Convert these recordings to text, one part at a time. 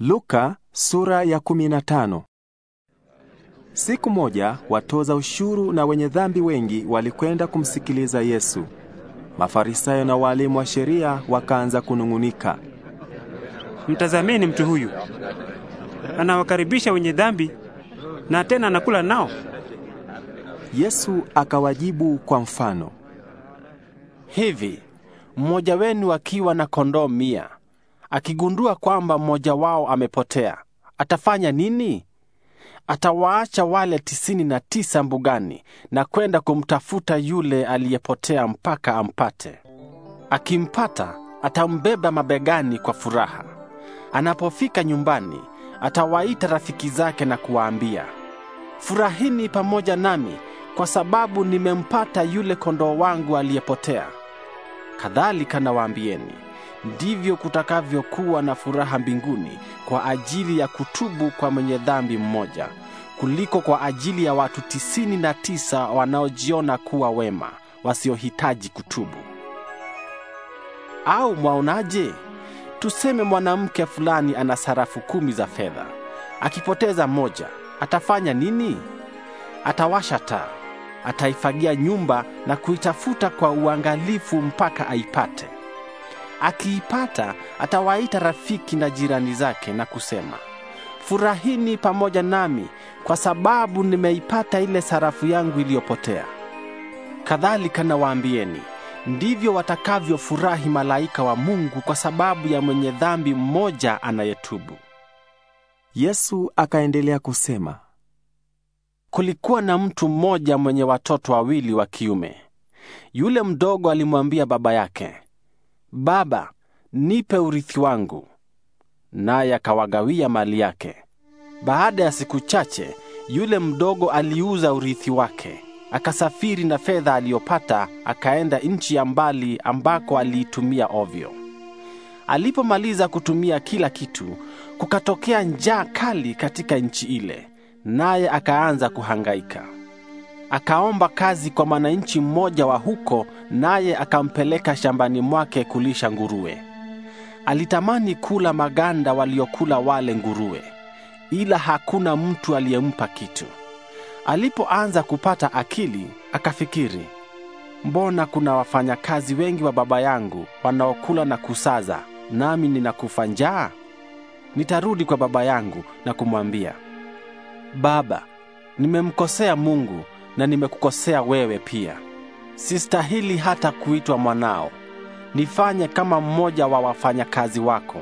Luka sura ya 15. Siku moja watoza ushuru na wenye dhambi wengi walikwenda kumsikiliza Yesu. Mafarisayo na walimu wa sheria wakaanza kunung'unika, mtazameni mtu huyu anawakaribisha wenye dhambi na tena anakula nao. Yesu akawajibu kwa mfano, hivi mmoja wenu akiwa na kondoo mia akigundua kwamba mmoja wao amepotea, atafanya nini? Atawaacha wale tisini na tisa mbugani na kwenda kumtafuta yule aliyepotea mpaka ampate. Akimpata atambeba mabegani kwa furaha. Anapofika nyumbani, atawaita rafiki zake na kuwaambia, furahini pamoja nami kwa sababu nimempata yule kondoo wangu aliyepotea. Kadhalika nawaambieni ndivyo kutakavyokuwa na furaha mbinguni kwa ajili ya kutubu kwa mwenye dhambi mmoja kuliko kwa ajili ya watu tisini na tisa wanaojiona kuwa wema wasiohitaji kutubu. Au mwaonaje? Tuseme mwanamke fulani ana sarafu kumi za fedha, akipoteza moja, atafanya nini? Atawasha taa, ataifagia nyumba na kuitafuta kwa uangalifu mpaka aipate. Akiipata atawaita rafiki na jirani zake na kusema, furahini pamoja nami kwa sababu nimeipata ile sarafu yangu iliyopotea. Kadhalika nawaambieni, ndivyo watakavyofurahi malaika wa Mungu kwa sababu ya mwenye dhambi mmoja anayetubu. Yesu akaendelea kusema, kulikuwa na mtu mmoja mwenye watoto wawili wa kiume. Yule mdogo alimwambia baba yake, Baba, nipe urithi wangu. Naye akawagawia mali yake. Baada ya siku chache, yule mdogo aliuza urithi wake, akasafiri na fedha aliyopata, akaenda nchi ya mbali ambako aliitumia ovyo. Alipomaliza kutumia kila kitu, kukatokea njaa kali katika nchi ile, naye akaanza kuhangaika akaomba kazi kwa mwananchi mmoja wa huko, naye akampeleka shambani mwake kulisha nguruwe. Alitamani kula maganda waliokula wale nguruwe, ila hakuna mtu aliyempa kitu. Alipoanza kupata akili, akafikiri, mbona kuna wafanyakazi wengi wa baba yangu wanaokula na kusaza, nami ninakufa njaa? Nitarudi kwa baba yangu na kumwambia, Baba, nimemkosea Mungu na nimekukosea wewe pia. Sistahili hata kuitwa mwanao, nifanye kama mmoja wa wafanyakazi wako.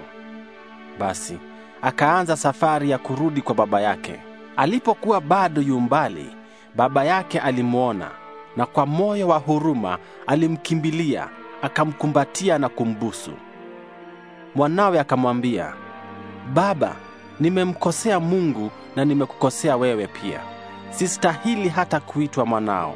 Basi akaanza safari ya kurudi kwa baba yake. Alipokuwa bado yumbali, baba yake alimwona na kwa moyo wa huruma alimkimbilia, akamkumbatia na kumbusu. Mwanawe akamwambia, Baba, nimemkosea Mungu na nimekukosea wewe pia sistahili hata kuitwa mwanao.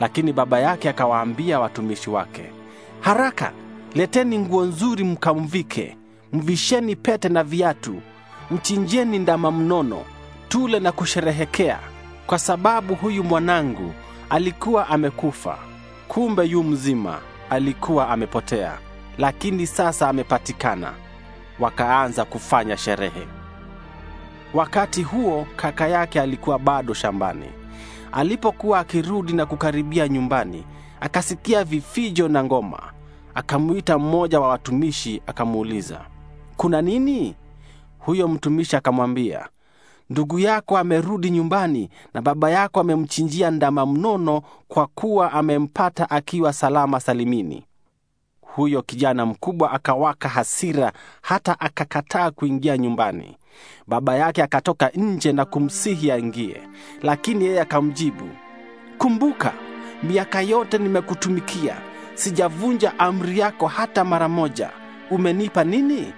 Lakini baba yake akawaambia watumishi wake, haraka leteni nguo nzuri mkamvike, mvisheni pete na viatu, mchinjeni ndama mnono, tule na kusherehekea, kwa sababu huyu mwanangu alikuwa amekufa, kumbe yu mzima, alikuwa amepotea, lakini sasa amepatikana. Wakaanza kufanya sherehe. Wakati huo kaka yake alikuwa bado shambani. Alipokuwa akirudi na kukaribia nyumbani, akasikia vifijo na ngoma. Akamuita mmoja wa watumishi akamuuliza, kuna nini? Huyo mtumishi akamwambia, ndugu yako amerudi nyumbani na baba yako amemchinjia ndama mnono, kwa kuwa amempata akiwa salama salimini. Huyo kijana mkubwa akawaka hasira, hata akakataa kuingia nyumbani. Baba yake akatoka nje na kumsihi aingie, lakini yeye akamjibu, kumbuka, miaka yote nimekutumikia, sijavunja amri yako hata mara moja. Umenipa nini?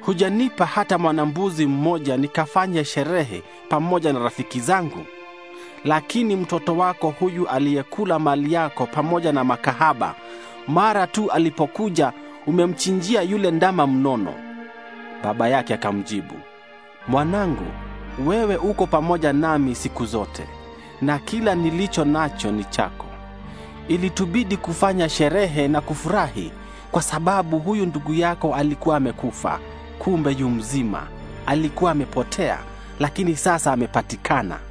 Hujanipa hata mwanambuzi mmoja nikafanya sherehe pamoja na rafiki zangu. Lakini mtoto wako huyu aliyekula mali yako pamoja na makahaba, mara tu alipokuja, umemchinjia yule ndama mnono. Baba yake akamjibu Mwanangu, wewe uko pamoja nami siku zote, na kila nilicho nacho ni chako. Ilitubidi kufanya sherehe na kufurahi kwa sababu huyu ndugu yako alikuwa amekufa, kumbe yu mzima, alikuwa amepotea, lakini sasa amepatikana.